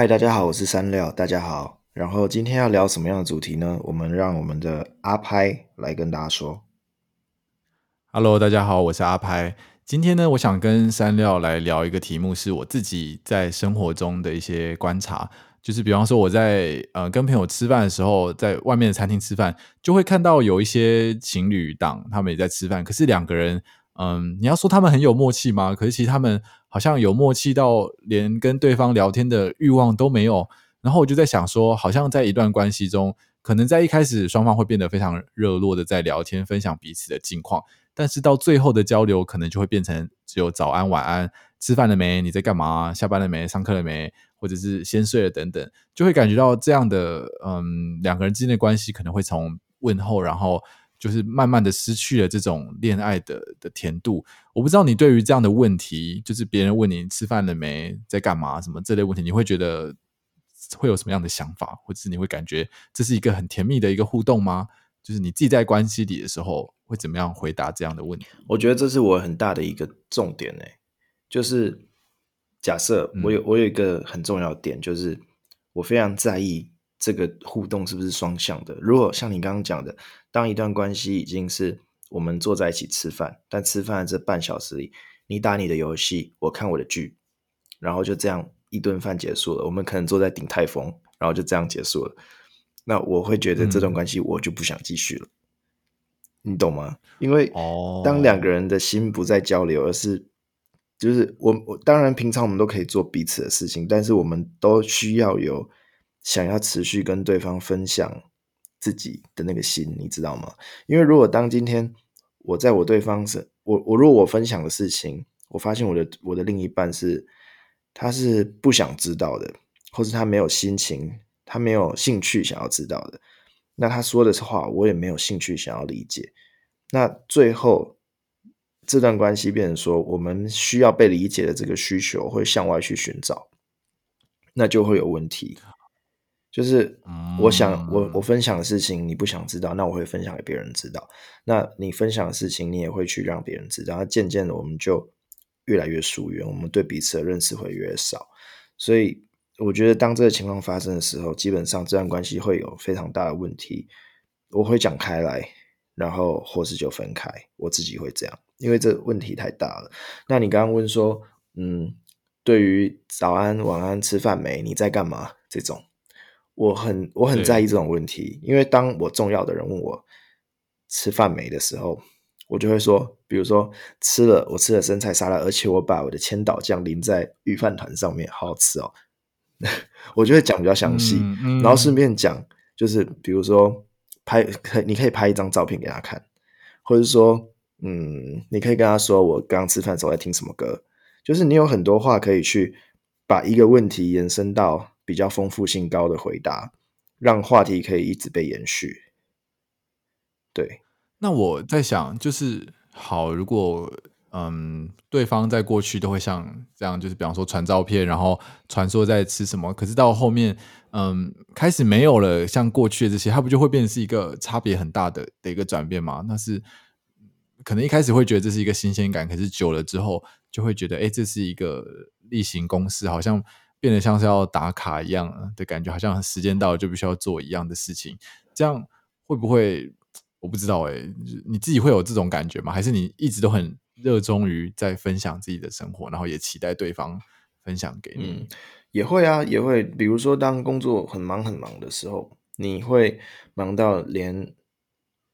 嗨，大家好，我是三料。大家好，然後今天要聊什麼樣的主題呢？我們讓我們的阿拍來跟大家說。Hello，大家好，我是阿拍。今天呢，我想跟三料來聊一個題目，是我自己在生活中的一些觀察。就是比方說，我在嗯、呃、跟朋友吃飯的時候，在外面的餐廳吃飯，就會看到有一些情侶檔，他們也在吃飯。可是兩個人，嗯、呃，你要說他們很有默契嗎？可是其實他們。好像有默契，到連跟對方聊天的慾望都沒有，然後我就在想說，好像在一段關係中，可能在一開始雙方會變得非常熱絡的在聊天，分享彼此的近況，但是到最後的交流可能就會變成只有早安晚安，吃飯了沒？你在幹嘛？下班了沒？上課了沒？或者是先睡了等等，就會感覺到這樣的嗯，兩個人之間的關係可能會從問候，然後，就是慢慢的失去了這種戀愛的的甜度，我不知道你對於這樣的問題，就是別人問你吃飯了沒，在幹嘛，什麼這類問題，你會覺得會有什麼樣的想法，或者是你會感覺這是一個很甜蜜的一個互動嗎？就是你自己在關係裡的時候，會怎麼樣回答這樣的問題？我覺得這是我很大的一個重點欸，就是假設我有、嗯、我有一個很重要的點，就是我非常在意。這個互動是不是雙向的？如果像你剛剛講的，當一段關係已經是我們坐在一起吃飯，但吃飯的這半小時裡，你打你的遊戲，我看我的劇，然後就這樣一頓飯結束了，我們可能坐在鼎泰豐，然後就這樣結束了。那我會覺得這段關係我就不想繼續了，嗯、你懂嗎？因為當兩個人的心不再交流，哦、而是就是我我當然平常我們都可以做彼此的事情，但是我們都需要有。想要持續跟對方分享自己的那個心，你知道嗎？因為如果當今天我在我對方是我我如果我分享的事情，我發現我的我的另一半是他是不想知道的，或是他沒有心情，他沒有興趣想要知道的，那他說的話我也沒有興趣想要理解，那最後這段關係變成說我們需要被理解的這個需求會向外去尋找，那就會有問題。就是我想、嗯、我我分享的事情你不想知道，那我會分享給別人知道。那你分享的事情你也會去讓別人知道，那漸漸的我們就越來越疏遠，我們對彼此的認識會越，越少。所以我覺得當這個情況發生的時候，基本上這段關係會有非常大的問題。我會講開來，然後或是就分開。我自己會這樣，因為這問題太大了。那你剛剛問說，嗯，對於早安、晚安、吃飯沒、你在幹嘛這種。我很我很在意這種問題，因為當我重要的人問我吃飯沒的時候，我就會說，比如說吃了，我吃了生菜沙拉，而且我把我的千島醬淋在御飯糰上面，好好吃哦！ 我就會講比較詳細，嗯嗯，然後順便講，就是比如說拍可，你可以拍一張照片給他看，或者說，嗯，你可以跟他說我剛吃飯的時候在聽什麼歌，就是你有很多話可以去把一個問題延伸到，比較豐富性高的回答，讓話題可以一直被延續。對，那我在想，就是好，如果嗯，對方在過去都會像這樣，就是比方說傳照片，然後傳說在吃什麼，可是到後面，嗯，開始沒有了，像過去的這些，它不就會變成是一個差別很大的的一個轉變嗎？那是可能一開始會覺得這是一個新鮮感，可是久了之後就會覺得，哎、欸，這是一個例行公事，好像。變得像是要打卡一樣的感覺，好像時間到了就必須要做一樣的事情，這樣會不會？我不知道哎、欸，你自己會有這種感覺嗎？還是你一直都很熱衷於在分享自己的生活，然後也期待對方分享給你？嗯，也會啊，也會。比如說，當工作很忙很忙的時候，你會忙到連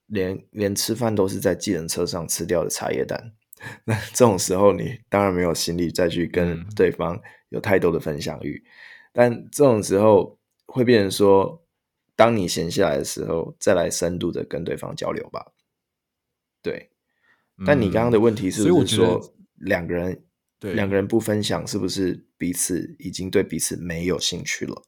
連連連吃飯都是在計程車上吃掉的茶葉蛋。那這種時候，你當然沒有心力再去跟對方有太多的分享欲。嗯、但這種時候會變成說，當你閒下來的時候，再來深度的跟對方交流吧。對。但你剛剛的問題是不是說，兩個人、嗯對，兩個人不分享，是不是彼此已經對彼此沒有興趣了？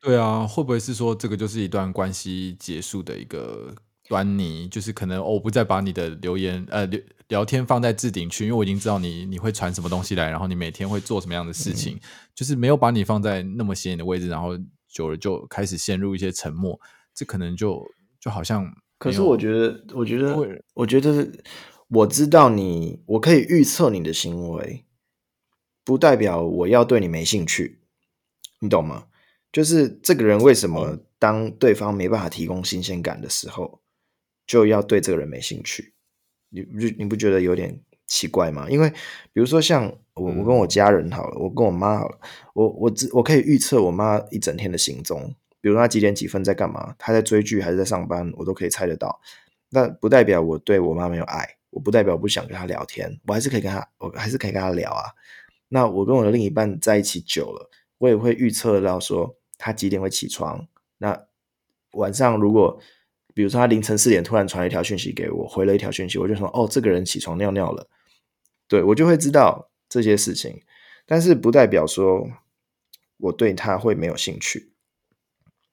對啊，會不會是說這個就是一段關係結束的一個端倪？就是可能、哦、我不再把你的留言，呃，留。聊天放在置頂區，因為我已經知道，你你會傳什麼東西來，然後你每天會做什麼樣的事情，嗯、就是沒有把你放在那麼顯眼的位置，然後久了就開始陷入一些沉默，這可能就就好像……可是我覺得，我覺得，我覺得，是我知道你，我可以預測你的行為，不代表我要對你沒興趣，你懂嗎？就是這個人為什麼當對方沒辦法提供新鮮感的時候，就要對這個人沒興趣？你不覺得有點奇怪嗎？因為比如說像我，我跟我家人好了，嗯，我跟我媽好了，我，我只，我可以預測我媽一整天的行蹤，比如她幾點幾分在幹嘛，她在追劇還是在上班，我都可以猜得到。那不代表我對我媽沒有愛，我不代表我不想跟她聊天，我還是可以跟她，我還是可以跟她聊啊。那我跟我的另一半在一起久了，我也會預測到說她幾點會起床，那晚上如果。比如說，他凌晨四點突然傳一條訊息給我，回了一條訊息，我就說：“哦，這個人起床尿尿了。”對，對我就會知道這些事情，但是不代表說我對他會沒有興趣，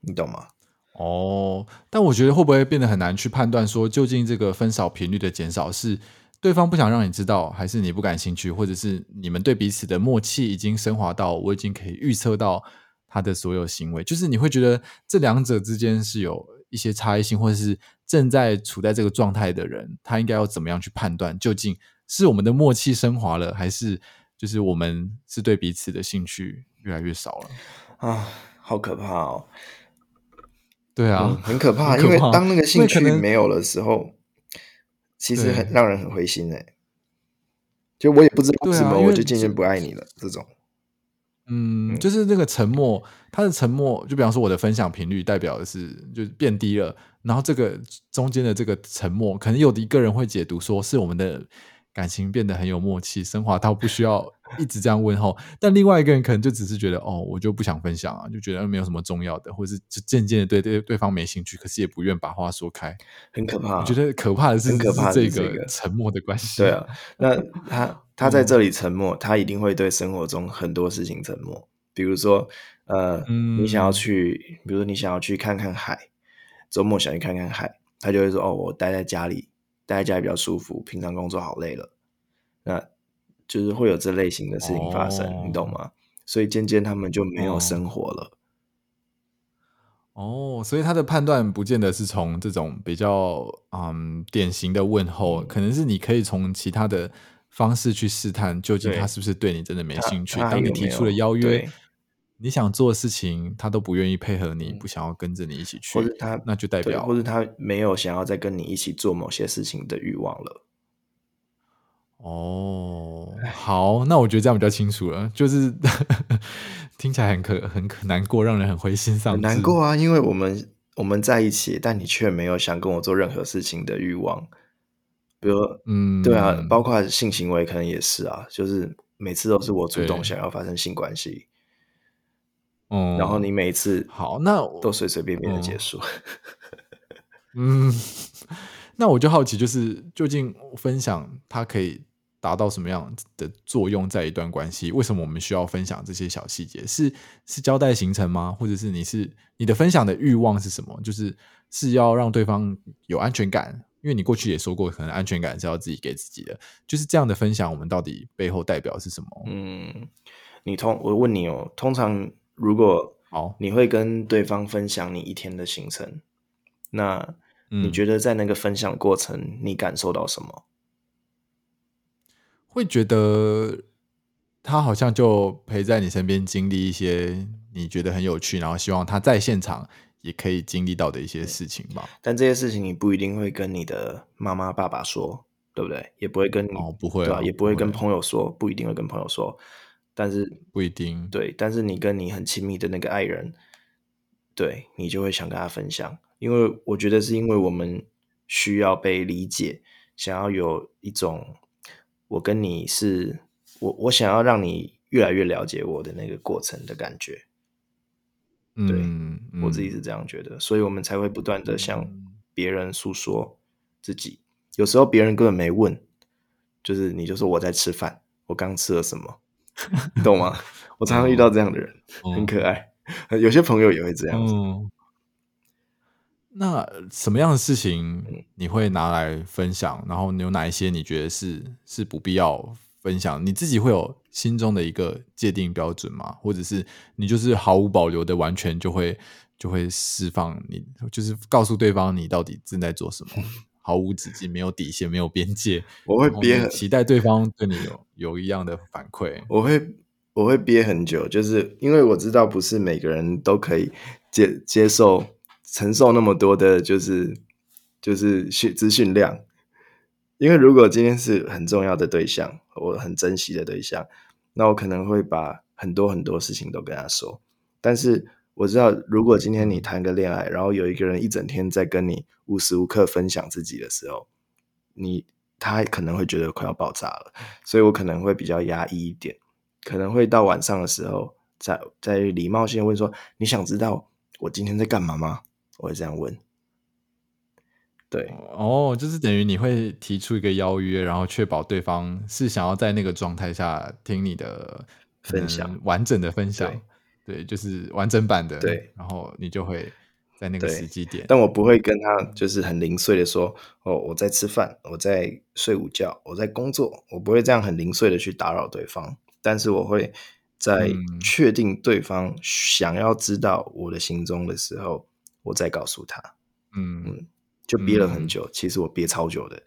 你懂嗎？哦，但我覺得會不會變得很難去判斷，說究竟這個分享頻率的減少是對方不想讓你知道，還是你不感興趣，或者是你們對彼此的默契已經升華到我已經可以預測到他的所有行為，就是你會覺得這兩者之間是有。一些差異性，或者是正在處在這個狀態的人，他應該要怎麼樣去判斷，究竟是我們的默契升華了，還是就是我們是對彼此的興趣越來越少了？啊，好可怕哦！對啊，很可怕，可怕因為當那個興趣沒有了時候，其實很讓人很灰心哎、欸。就我也不知道為什麼，啊、我就漸漸不愛你了，這種。嗯，就是那個沉默，他的沉默，就比方說我的分享頻率代表的是就是變低了，然後這個中間的這個沉默，可能有的一個人會解讀說是我們的。感情變得很有默契，升華到不需要一直這樣問候。 但另外一個人可能就只是覺得，哦，我就不想分享啊，就覺得沒有什麼重要的，或是就漸漸的對對對方沒興趣，可是也不願把話說開，很可怕。呃、我覺得可怕的是，可怕的這個、是這個沉默的關係、啊。對啊，那他他在這裡沉默、嗯，他一定會對生活中很多事情沉默。比如說，呃，嗯、你想要去，比如說你想要去看看海，周末想去看看海，他就會說，哦，我待在家裡。待在家比較舒服，平常工作好累了，那就是會有這類型的事情發生，哦、你懂嗎？所以漸漸他們就沒有生活了。哦，所以他的判斷不見得是從這種比較嗯典型的問候，可能是你可以從其他的方式去試探，究竟他是不是對你真的沒興趣。有有當你提出了邀約，你想做的事情，他都不願意配合你，不想要跟着你一起去，他那就代表，對，或者他沒有想要再跟你一起做某些事情的慾望了。哦，好，那我覺得這樣比較清楚了，就是 聽起來很可很可難過，讓人很灰心喪氣。很難過啊，因為我們我們在一起，但你卻沒有想跟我做任何事情的慾望。比如，嗯，對啊，包括性行為可能也是啊，就是每次都是我主動想要發生性關係。然後你每一次好，那我都隨隨便便的結束。嗯， 嗯，那我就好奇，就是究竟分享它可以達到什麼樣的作用，在一段關係，為什麼我們需要分享這些小細節？是是交代行程嗎？或者是你是你的分享的欲望是什麼？就是是要讓對方有安全感？因為你過去也說過，可能安全感是要自己給自己的。就是這樣的分享，我們到底背後代表是什麼？嗯，你通我問你哦，通常。如果好，你會跟對方分享你一天的行程，哦、那你覺得在那個分享過程，你感受到什麼？嗯、會覺得他好像就陪在你身邊，經歷一些你覺得很有趣，然後希望他在現場也可以經歷到的一些事情嘛？但這些事情你不一定會跟你的媽媽、爸爸說，對不對？也不會跟你、哦、不會、啊對啊、也不會跟朋友說，不一定會跟朋友說。但是不一定，對，但是你跟你很親密的那個愛人，對，你就會想跟他分享，因為我覺得是因為我們需要被理解，想要有一種，我跟你是，我我想要讓你越來越了解我的那個過程的感覺。嗯、對，我自己是這樣覺得，嗯、所以我們才會不斷的向別人訴說自己、嗯。有時候別人根本沒問，就是你就說我在吃飯，我剛吃了什麼。你 懂嗎？我常常遇到這樣的人、哦，很可愛。有些朋友也會這樣子、哦。那什麼樣的事情你會拿來分享？然後你有哪一些你覺得是是不必要分享？你自己會有心中的一個界定標準嗎？或者是你就是毫無保留的，完全就會就會釋放你？你就是告訴對方你到底正在做什麼？ 毫無止境，沒有底線，沒有邊界。我會憋很，期待對方對你有有一樣的反饋。我會我會憋很久，就是因為我知道不是每個人都可以接接受承受那麼多的、就是，就是就是訊資訊量。因為如果今天是很重要的對象，我很珍惜的對象，那我可能會把很多很多事情都跟他說。但是我知道，如果今天你談個戀愛，然後有一個人一整天在跟你。無時無刻分享自己的時候，你他可能會覺得快要爆炸了，所以我可能會比較壓抑一點，可能會到晚上的時候在，在在禮貌性問說：“你想知道我今天在幹嘛嗎？”我會這樣問。對，哦，就是等於你會提出一個邀約，然後確保對方是想要在那個狀態下聽你的分享，完整的分享，分享對，對，就是完整版的。對，然後你就會。在那個時機點，但我不會跟他就是很零碎的說，嗯、哦，我在吃飯，我在睡午覺，我在工作，我不會這樣很零碎的去打擾對方。但是我會在確定對方想要知道我的行蹤的時候，我再告訴他。嗯，嗯，就憋了很久，嗯、其實我憋超久的。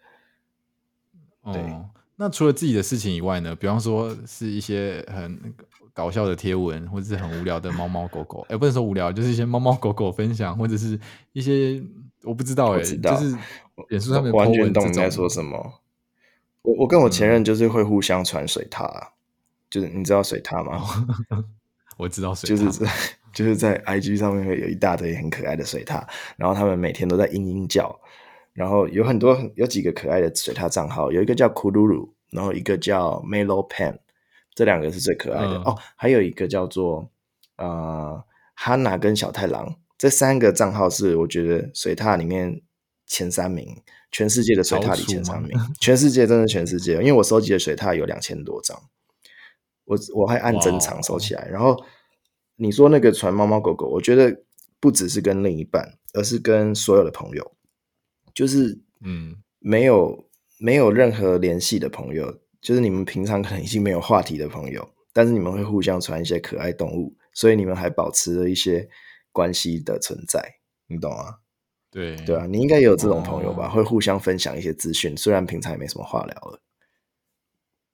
對。哦，那除了自己的事情以外呢？比方說是一些很那個搞笑的貼文，或者是很無聊的貓貓狗狗，哎、 欸，不能說無聊，就是一些貓貓狗狗分享，或者是一些我不知道哎、欸，就是臉書上面完全懂你在說什麼。我我跟我前任就是會互相傳水獺、嗯、就是你知道水獺嗎？ 我知道水獺，就是就是在 IG 上面會有一大堆很可愛的水獺，然後他們每天都在嚶嚶叫，然後有很多有幾個可愛的水獺賬號有一個叫 Kululu 然後一個叫 Maylo Pen。這兩個是最可愛的、嗯、哦，還有一個叫做呃哈娜跟小太郎，這三個賬號是我覺得水獺裡面前三名，全世界的水獺裡前三名， 全世界真的全世界，因為我收集的水獺有兩千多張，我我還按珍藏收起來、哦。然後你說那個傳貓貓狗狗，我覺得不只是跟另一半，而是跟所有的朋友，就是嗯沒有嗯沒有任何聯繫的朋友。就是你們平常可能已經沒有話題的朋友，但是你們會互相傳一些可愛動物，所以你們還保持着一些關係的存在，你懂嗎？對對啊，你應該也有這種朋友吧，嗯，會互相分享一些資訊，雖然平常也沒什麼話聊了。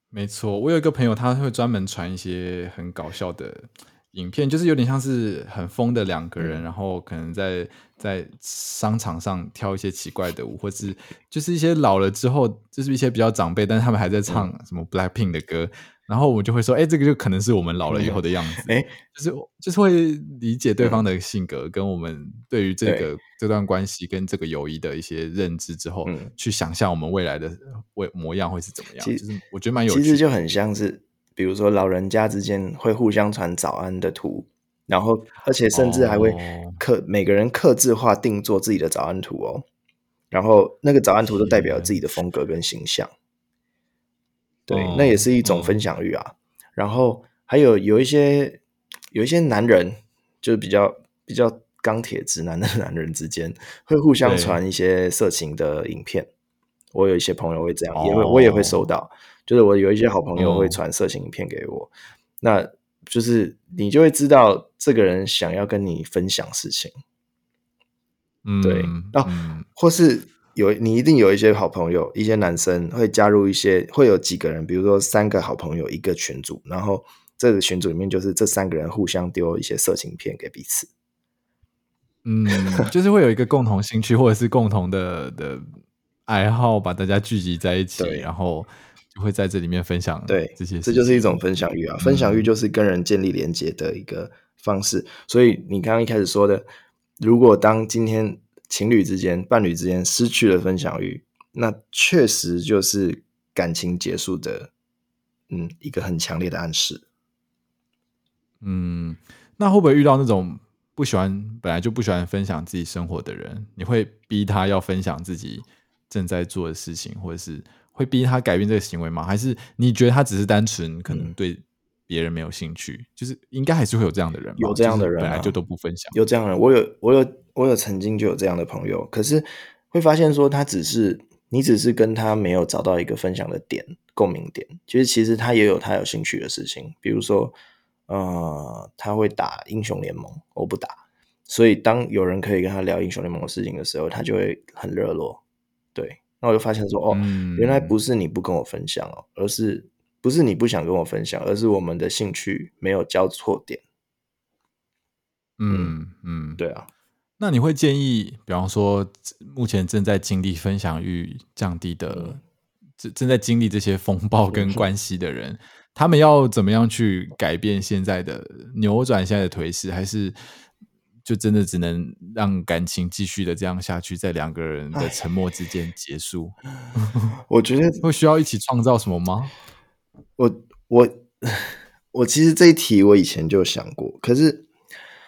沒錯，我有一個朋友，他會專門傳一些很搞笑的。影片就是有點像是很瘋的兩個人、嗯，然後可能在在商場上跳一些奇怪的舞，嗯、或是就是一些老了之後，就是一些比較長輩，但是他們還在唱什麼 Black Pink 的歌，嗯、然後我們就會說，哎、欸，這個就可能是我們老了以後的樣子，哎、嗯、欸，就是就是會理解對方的性格，嗯、跟我們對於這個這段關係跟這個友誼的一些認知之後，嗯、去想象我們未來的未模樣會是怎麼樣，其實就是我覺得蠻有趣的，其實就很像是。比如說，老人家之間會互相傳早安的圖，然後而且甚至還會客、oh. 每個人客製化定做自己的早安圖哦，然後那個早安圖都代表自己的風格跟形象，yeah. 對，oh. 那也是一種分享欲啊。Oh. 然後還有有一些有一些男人，就是比較比較鋼鐵直男的男人之間，會互相傳一些色情的影片。Yeah. 我有一些朋友會這樣，oh. 也會我也會收到。就是我有一些好朋友會傳色情影片給我、嗯，那就是你就會知道這個人想要跟你分享事情，嗯、對、哦嗯、或是有你一定有一些好朋友，一些男生會加入一些會有幾個人，比如說三個好朋友一個群組，然後這個群組裡面就是這三個人互相丟一些色情片給彼此，嗯，就是會有一個共同興趣 或者是共同的的愛好把大家聚集在一起，然後。會在這裡面分享，對這些，這就是一種分享欲啊，嗯！分享欲就是跟人建立連接的一個方式。所以你剛剛一開始說的，如果當今天情侶之間、伴侶之間失去了分享欲，那確實就是感情結束的，嗯，一個很強烈的暗示。嗯，那會不會遇到那種不喜歡、本來就不喜歡分享自己生活的人？你會逼他要分享自己正在做的事情，或者是？會逼他改變這個行為嗎？還是你覺得他只是單純可能對別人沒有興趣、嗯？就是應該還是會有這樣的人吧，有這樣的人、啊就是、本來就都不分享，有這樣的人，我有我有我有曾經就有這樣的朋友，可是會發現說他只是你只是跟他沒有找到一個分享的點、共鳴點。其實、就是其實他也有他有興趣的事情，比如說呃，他會打英雄聯盟，我不打，所以當有人可以跟他聊英雄聯盟的事情的時候，他就會很熱絡，對。那我就發現說，哦，原來不是你不跟我分享，哦嗯、而是不是你不想跟我分享，而是我們的興趣沒有交錯點。嗯嗯，對啊。那你會建議，比方說，目前正在經歷分享欲降低的，正、嗯、正在經歷這些風暴跟關係的人，他們要怎麼樣去改變現在的、扭轉現在的頹勢，還是？就真的只能讓感情繼續的這樣下去，在兩個人的沉默之間結束。我覺得會需要一起創造什麼嗎？我我我其實這一題我以前就想過，可是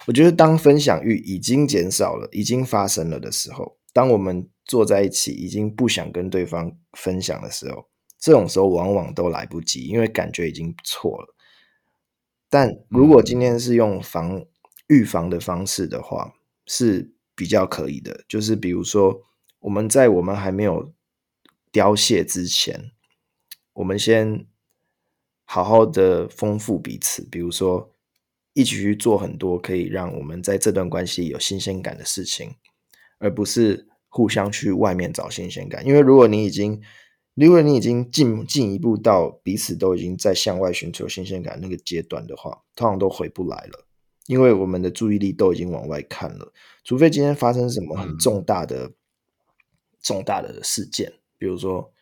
我覺得當分享欲已經減少了，已經發生了的時候，當我們坐在一起，已經不想跟對方分享的時候，這種時候往往都來不及，因為感覺已經錯了。但如果今天是用防。嗯預防的方式的話是比較可以的，就是比如說我們在我們還沒有凋謝之前，我們先好好的豐富彼此，比如說一起去做很多可以讓我們在這段關係有新鮮感的事情，而不是互相去外面找新鮮感。因為如果你已經，如果你已經進進一步到彼此都已經在向外尋求新鮮感那個階段的話，通常都回不來了。因為我們的注意力都已經往外看了，除非今天發生什麼很重大的、嗯、重大的事件，比如說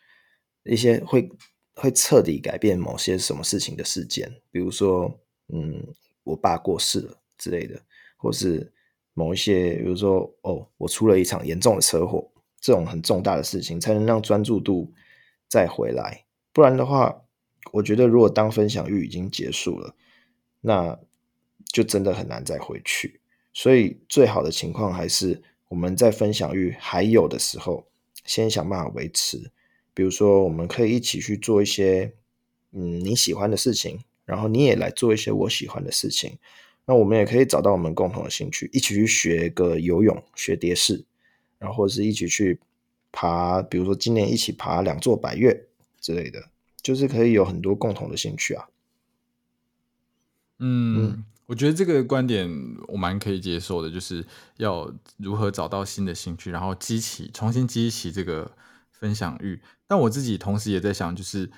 一些會會徹底改變某些什麼事情的事件，比如說，嗯，我爸過世了之類的，或是某一些，比如說，哦，我出了一場嚴重的車禍，這種很重大的事情，才能讓專注度再回來。不然的話，我覺得如果當分享欲已經結束了，那。就真的很難再回去，所以最好的情況還是我們在分享欲還有的時候，先想辦法維持。比如說，我們可以一起去做一些嗯，你喜歡的事情，然後你也來做一些我喜歡的事情。那我們也可以找到我們共同的興趣，一起去學個游泳、學蝶式，然後或是一起去爬，比如說今年一起爬兩座百岳之類的，就是可以有很多共同的興趣啊。嗯。嗯我覺得這個觀點我蠻可以接受的，就是要如何找到新的興趣，然後激起重新激起這個分享慾。但我自己同時也在想，就是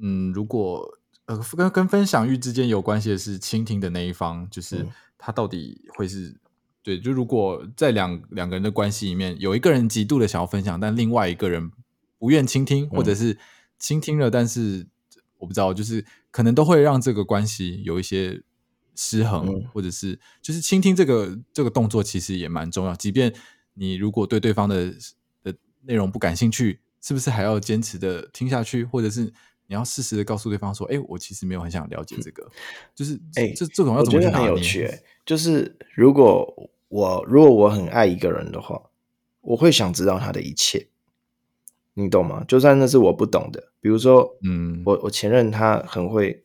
嗯，如果呃跟跟分享慾之間有關係的是傾聽的那一方，就是他到底會是、嗯、對？就如果在兩兩個人的關係裡面有一個人極度的想要分享，但另外一個人不願傾聽，或者是傾聽了、嗯，但是我不知道，就是可能都會讓這個關係有一些。失衡、嗯，或者是就是傾聽這個這個動作，其實也蠻重要。即便你如果對對方的的內容不感興趣，是不是還要堅持的聽下去？或者是你要適時的告訴對方說：“哎、欸，我其實沒有很想了解這個。嗯”就是哎、欸，這這種要怎麼去拿捏、欸？很有趣，就是如果我如果我很愛一個人的話，我會想知道他的一切，你懂嗎？就算那是我不懂的，比如說，嗯，我我前任他很會。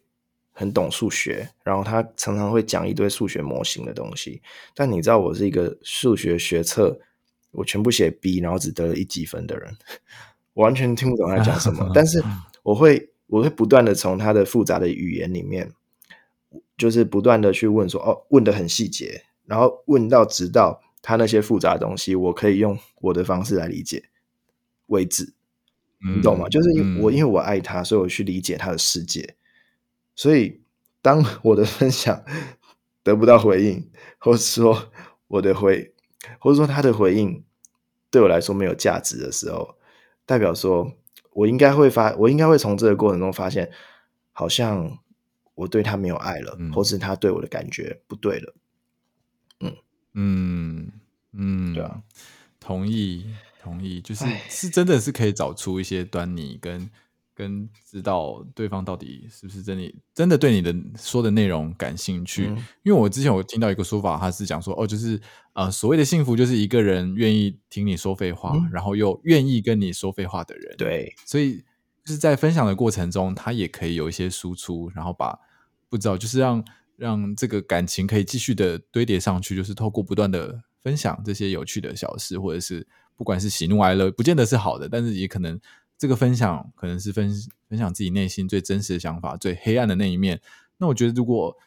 很懂數學，然後他常常會講一堆數學模型的東西。但你知道，我是一個數學學測，我全部寫 B，然後只得了一級分的人，我完全聽不懂他講什麼。 但是我會，我會不斷的從他的複雜的語言裡面，就是不斷的去問說，哦，問得很細節，然後問到直到他那些複雜的東西，我可以用我的方式來理解為止。嗯、你懂嗎？就是因我、嗯、因為我愛他，所以我去理解他的世界。所以，當我的分享得不到回應，或是說我的回，或是說他的回應對我來說沒有價值的時候，代表說我應該會發，我應該會從這個過程中發現，好像我對他沒有愛了，嗯、或是他對我的感覺不對了。嗯嗯嗯，對啊，同意同意，就是哎，是真的是可以找出一些端倪跟跟知道對方到底是不是真的真的對你的說的內容感興趣。因為我之前有聽到一個說法，他是講說哦，就是呃所謂的幸福，就是一個人願意聽你說廢話，然後又願意跟你說廢話的人。對，所以就是在分享的過程中，他也可以有一些輸出，然後把不知道就是讓讓這個感情可以繼續的堆疊上去，就是透過不斷的分享這些有趣的小事，或者是不管是喜怒哀樂，不見得是好的，但是也可能。這個分享可能是分分享自己內心最真實的想法，最黑暗的那一面。那我覺得，如果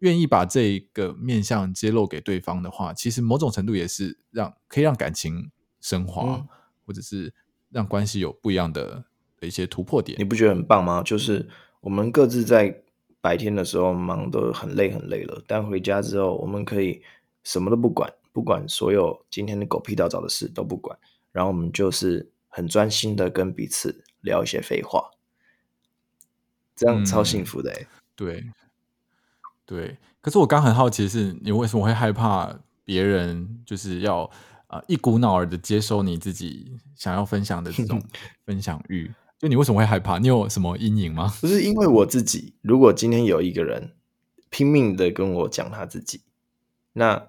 願意把這個面向揭露給對方的話，其實某種程度也是讓可以讓感情升華，嗯，或者是讓關係有不一樣的的一些突破點。你不覺得很棒嗎？就是我們各自在白天的時候忙得很累很累了，但回家之後，我們可以什麼都不管，不管所有今天的狗屁倒灶的事都不管，然後我們就是。很專心的跟彼此聊一些廢話，這樣超幸福的、欸嗯、對，對。可是我剛很好奇是，你為什麼會害怕別人就是要啊、呃、一股腦兒的接受你自己想要分享的這種分享欲？ 就你為什麼會害怕？你有什麼陰影嗎？不是因為我自己，如果今天有一個人拼命的跟我講他自己，那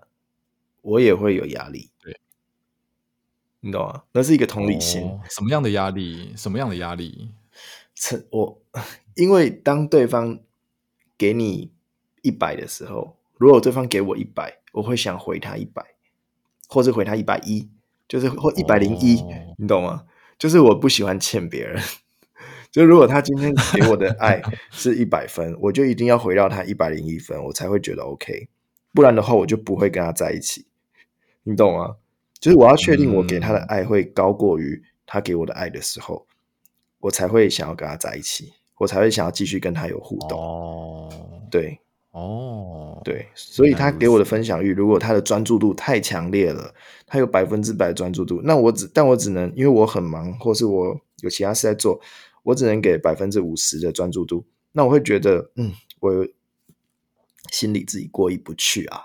我也會有壓力。你懂嗎？那是一個同理心，哦、什麼樣的壓力？什麼樣的壓力？我，因為當對方給你一百的時候，如果對方給我一百，我會想回他一百，或者回他一百一，就是或一百零一，你懂嗎？就是我不喜歡欠別人。 就如果他今天給我的愛是一百分， 我就一定要回到他一百零一分，我才會覺得 OK。不然的話，我就不會跟他在一起。你懂嗎？就是我要確定我給他的愛會高過於他給我的愛的時候，嗯，我才會想要跟他在一起，我才會想要繼續跟他有互動，哦。對，哦，對，所以他給我的分享欲，如果他的專注度太強烈了，他有百分之百專注度，那我只但我只能因為我很忙，或是我有其他事在做，我只能給百分之五十的專注度，那我會覺得嗯，我心裡自己過意不去啊，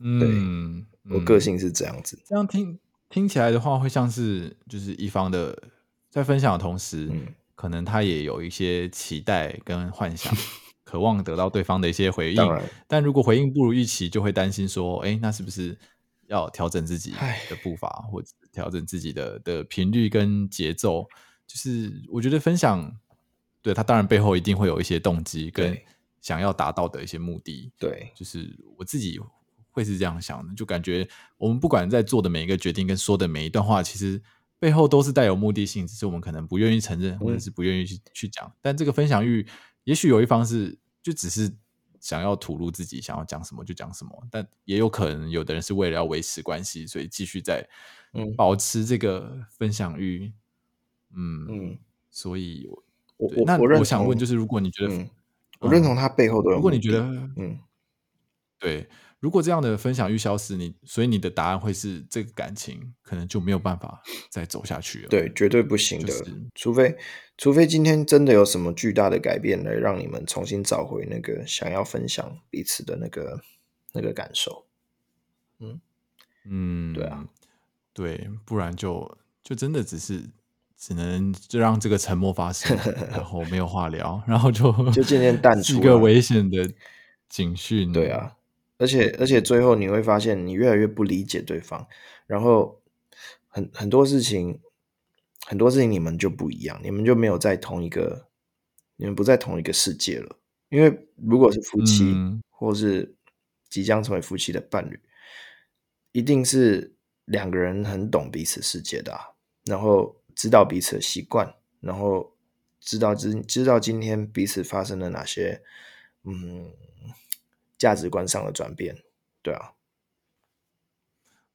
嗯。對我個性是這樣子。嗯，這樣聽聽起來的話，會像是就是一方的在分享的同時，嗯，可能他也有一些期待跟幻想，嗯，渴望得到對方的一些回應。當然。但如果回應不如預期，就會擔心說，誒：“那是不是要調整自己的步伐，或者調整自己的的頻率跟節奏？”就是我覺得分享對他，當然背後一定會有一些動機跟想要達到的一些目的。對，就是我自己。會是這樣想的，就感覺我們不管在做的每一個決定跟說的每一段話，其實背後都是帶有目的性，只是我們可能不願意承認，或者是不願意去講。嗯、但這個分享欲，也許有一方是就只是想要吐露自己想要講什麼就講什麼，但也有可能有的人是為了要維持關係，所以繼續在保持這個分享欲。嗯，嗯，所以我我，我，我那我想問就是如、嗯嗯問，如果你覺得我認同他背後的，如果你覺得嗯對。如果這樣的分享欲消失，你，所以你的答案會是這個感情可能就沒有辦法再走下去了。對，絕對不行的，就是、除非除非今天真的有什麼巨大的改變，來讓你們重新找回那個想要分享彼此的那個那個感受。嗯嗯，對啊，對，不然就就真的只是只能就讓這個沉默發生， 然後沒有話聊，然後就就漸漸淡出一個危險的警訊。對啊。而且，而且，最後你會發現，你越來越不理解對方。然後很，很很多事情，很多事情，你們就不一樣，你們就沒有在同一個，你們不在同一個世界了。因為，如果是夫妻、嗯，或是即將成為夫妻的伴侶，一定是兩個人很懂彼此世界的、啊，然後知道彼此的習慣，然後知道今知道今天彼此發生了哪些，嗯。價值觀上的轉變，對啊，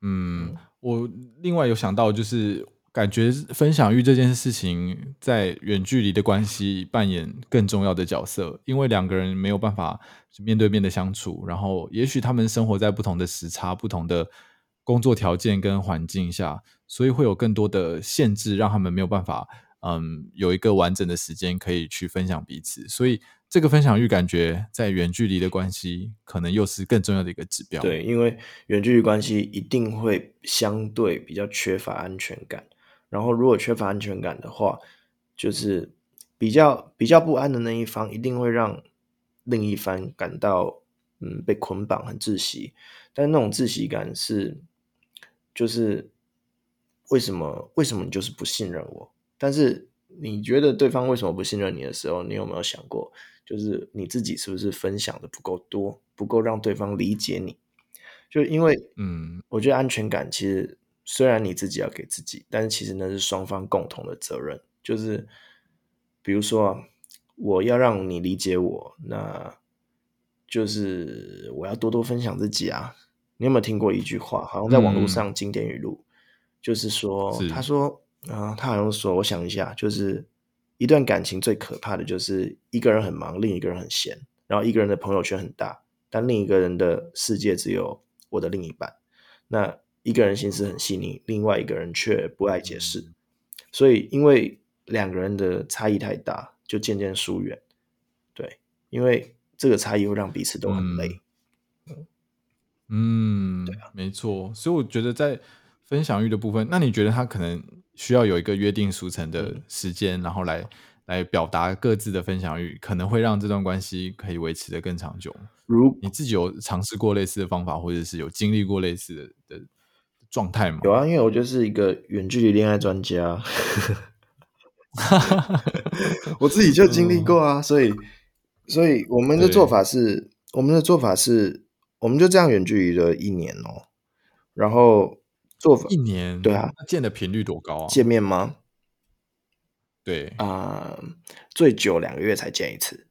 嗯，我另外有想到，就是感覺分享欲這件事情在遠距離的關係扮演更重要的角色，因為兩個人沒有辦法面對面的相處，然後也許他們生活在不同的時差、不同的工作條件跟環境下，所以會有更多的限制，讓他們沒有辦法。嗯，有一個完整的時間可以去分享彼此，所以這個分享慾感覺在遠距離的關係可能又是更重要的一個指標。對，因為遠距離關係一定會相對比較缺乏安全感，然後如果缺乏安全感的話，就是比較比較不安的那一方一定會讓另一方感到嗯被捆綁很窒息，但是那種窒息感是就是為什麼為什麼你就是不信任我？但是你覺得對方為什麼不信任你的時候，你有沒有想過，就是你自己是不是分享的不夠多，不夠讓對方理解你？就因為，嗯，我覺得安全感其實雖然你自己要給自己，但是其實那是雙方共同的責任。就是比如說，我要讓你理解我，那就是我要多多分享自己啊。你有沒有聽過一句話，好像在網絡上經典語錄，嗯、就是說，是他說。啊，他好像說，我想一下，就是一段感情最可怕的就是一個人很忙，另一個人很閒，然後一個人的朋友圈很大，但另一個人的世界只有我的另一半。那一個人心思很細膩，另外一個人卻不愛解釋，所以因為兩個人的差異太大，就漸漸疏遠。對，因為這個差異會讓彼此都很累。嗯，對啊，沒錯。所以我覺得在。分享慾的部分，那你覺得他可能需要有一個約定俗成的時間，嗯、然後來來表達各自的分享慾，可能會讓這段關係可以維持得更長久。如你自己有嘗試過類似的方法，或者是有經歷過類似的的狀態嗎？有啊，因為我就是一個遠距離戀愛專家， 我自己就經歷過啊、嗯。所以，所以我們的做法是，我們的做法是，我們就這樣遠距離了一年哦，然後。做一年對啊，他見的頻率多高啊？見面嗎？對啊，uh, 最久兩個月才見一次。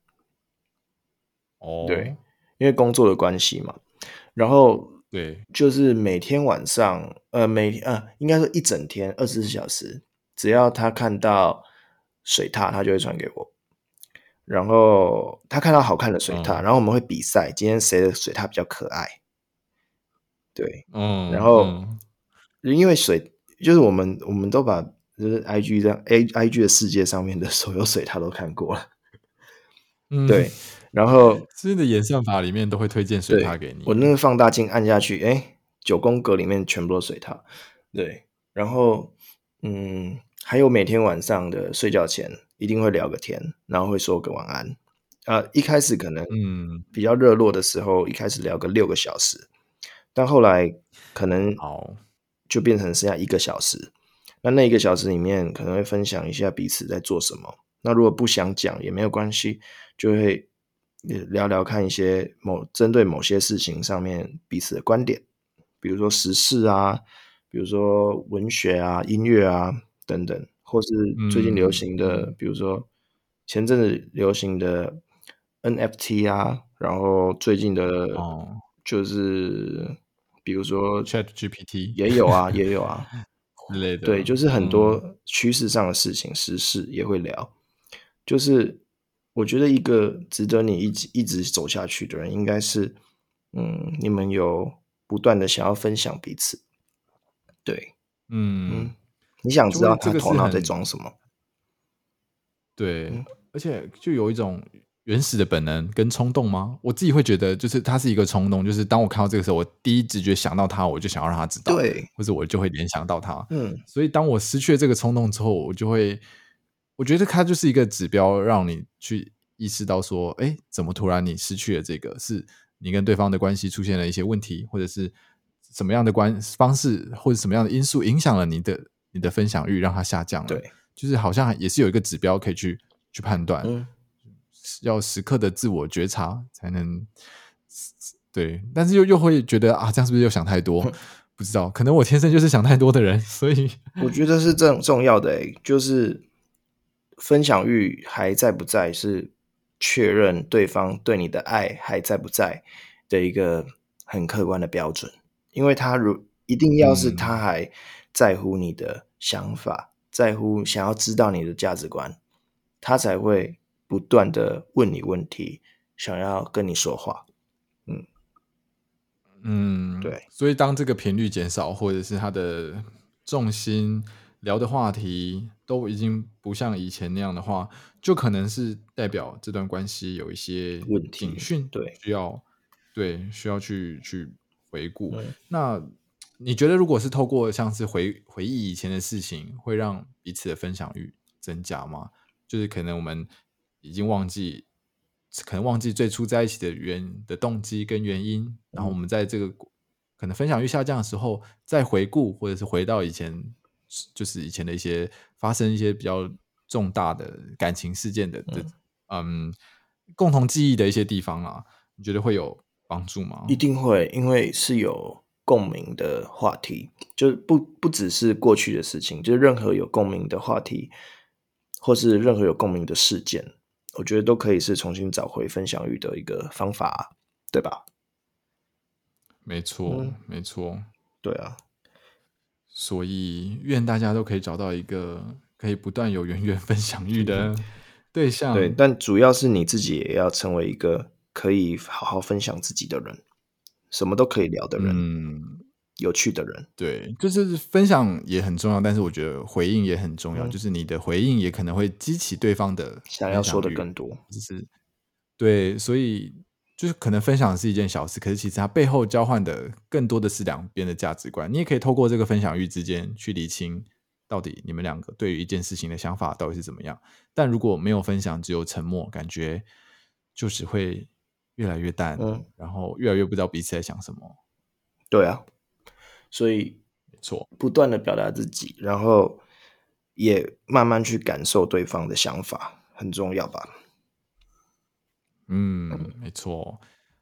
哦、oh.，對，因為工作的關係嘛。然後對，就是每天晚上，呃，每天呃，應該是一整天二十四小時、嗯，只要他看到水獺，他就會傳給我。然後他看到好看的水獺、嗯，然後我們會比賽，今天誰的水獺比較可愛？對，嗯，然後。嗯因為水就是我們，我們都把就是 I G 這樣 A I G 的世界上面的所有水獺，他都看過了。嗯、 對。然後真的演算法裡面都會推薦水獺給你。我那個放大鏡按下去，哎，九宮格裡面全部都水獺。對，然後嗯，還有每天晚上的睡覺前一定會聊個天，然後會說個晚安。呃，一開始可能嗯比較熱絡的時候、嗯，一開始聊個六個小時，但後來可能哦。就變成剩下一個小時，那那一個小時裡面可能會分享一下彼此在做什麼。那如果不想講也沒有關係，就會聊聊看一些某針對某些事情上面彼此的觀點，比如說時事啊，比如說文學啊、音樂啊等等，或是最近流行的，嗯、比如說前陣子流行的 NFT 啊，然後最近的就是。哦。比如說 ChatGPT 也有啊，也有啊， 之類的。對，就是很多趨勢上的事情，實、嗯、事也會聊。就是我覺得一個值得你一直一直走下去的人，應該是，嗯，你們有不斷的想要分享彼此。對，嗯，嗯，你想知道他頭腦在裝什麼？對、嗯，而且就有一種。原始的本能跟衝動嗎？我自己會覺得，就是它是一個衝動，就是當我看到這個時候，我第一直覺想到它，我就想要讓它知道，對，或者我就會聯想到它。嗯。所以當我失去了這個衝動之後，我就會，我覺得它就是一個指標，讓你去意識到說，哎，怎麼突然你失去了這個？是你跟對方的關係出現了一些問題，或者是什麼樣的關方式，或者什麼樣的因素影響了你的你的分享欲，讓它下降了。對，就是好像也是有一個指標可以去去判斷。嗯要時刻的自我覺察，才能。對，但是又又會覺得啊，這樣是不是又想太多？ 不知道，可能我天生就是想太多的人，所以我覺得是正重要的、欸。就是分享欲還在不在，是確認對方對你的愛還在不在的一個很客觀的標準，因為他如一定要是他還在乎你的想法，嗯、在乎想要知道你的價值觀，他才會。不斷的問你問題，想要跟你說話，嗯嗯，對。所以當這個頻率減少，或者是他的重心聊的話題都已經不像以前那樣的話，就可能是代表這段關係有一些問題，對，對，需要對需要去去回顧。那你覺得，如果是透過像是回回憶以前的事情，會讓彼此的分享欲增加嗎？就是可能我們。已經忘記，可能忘記最初在一起的原的動機跟原因，嗯。然後我們在這個可能分享欲下降的時候，再回顧或者是回到以前，就是以前的一些發生一些比較重大的感情事件的，的嗯，嗯，共同記憶的一些地方啊，你覺得會有幫助嗎？一定會，因為是有共鳴的話題，就不不只是過去的事情，就是任何有共鳴的話題，或是任何有共鳴的事件。我覺得都可以是重新找回分享慾的一個方法，對吧？沒錯，嗯、沒錯，對啊。所以，願大家都可以找到一個可以不斷有源源分享慾的對象。 對，但主要是你自己也要成為一個可以好好分享自己的人，什麼都可以聊的人。嗯。有趣的人，對，就是分享也很重要，但是我覺得回應也很重要。嗯，就是你的回應也可能會激起對方的想要說的更多，就是對，所以就是可能分享是一件小事，可是其實它背後交換的更多的是兩邊的價值觀。你也可以透過這個分享欲之間去理清，到底你們兩個對於一件事情的想法到底是怎麼樣？但如果沒有分享，只有沉默，感覺就只會越來越淡，嗯，然後越來越不知道彼此在想什麼。對啊。所以，沒錯，不斷的表達自己，然後也慢慢去感受對方的想法，很重要吧？嗯，沒錯。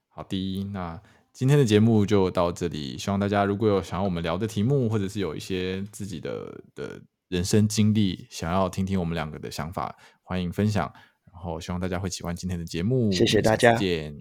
好的，那今天的節目就到這裡。希望大家如果有想要我們聊的題目，或者是有一些自己的的人生經歷，想要聽聽我們兩個的想法，歡迎分享。然後希望大家會喜歡今天的節目，謝謝大家。再見。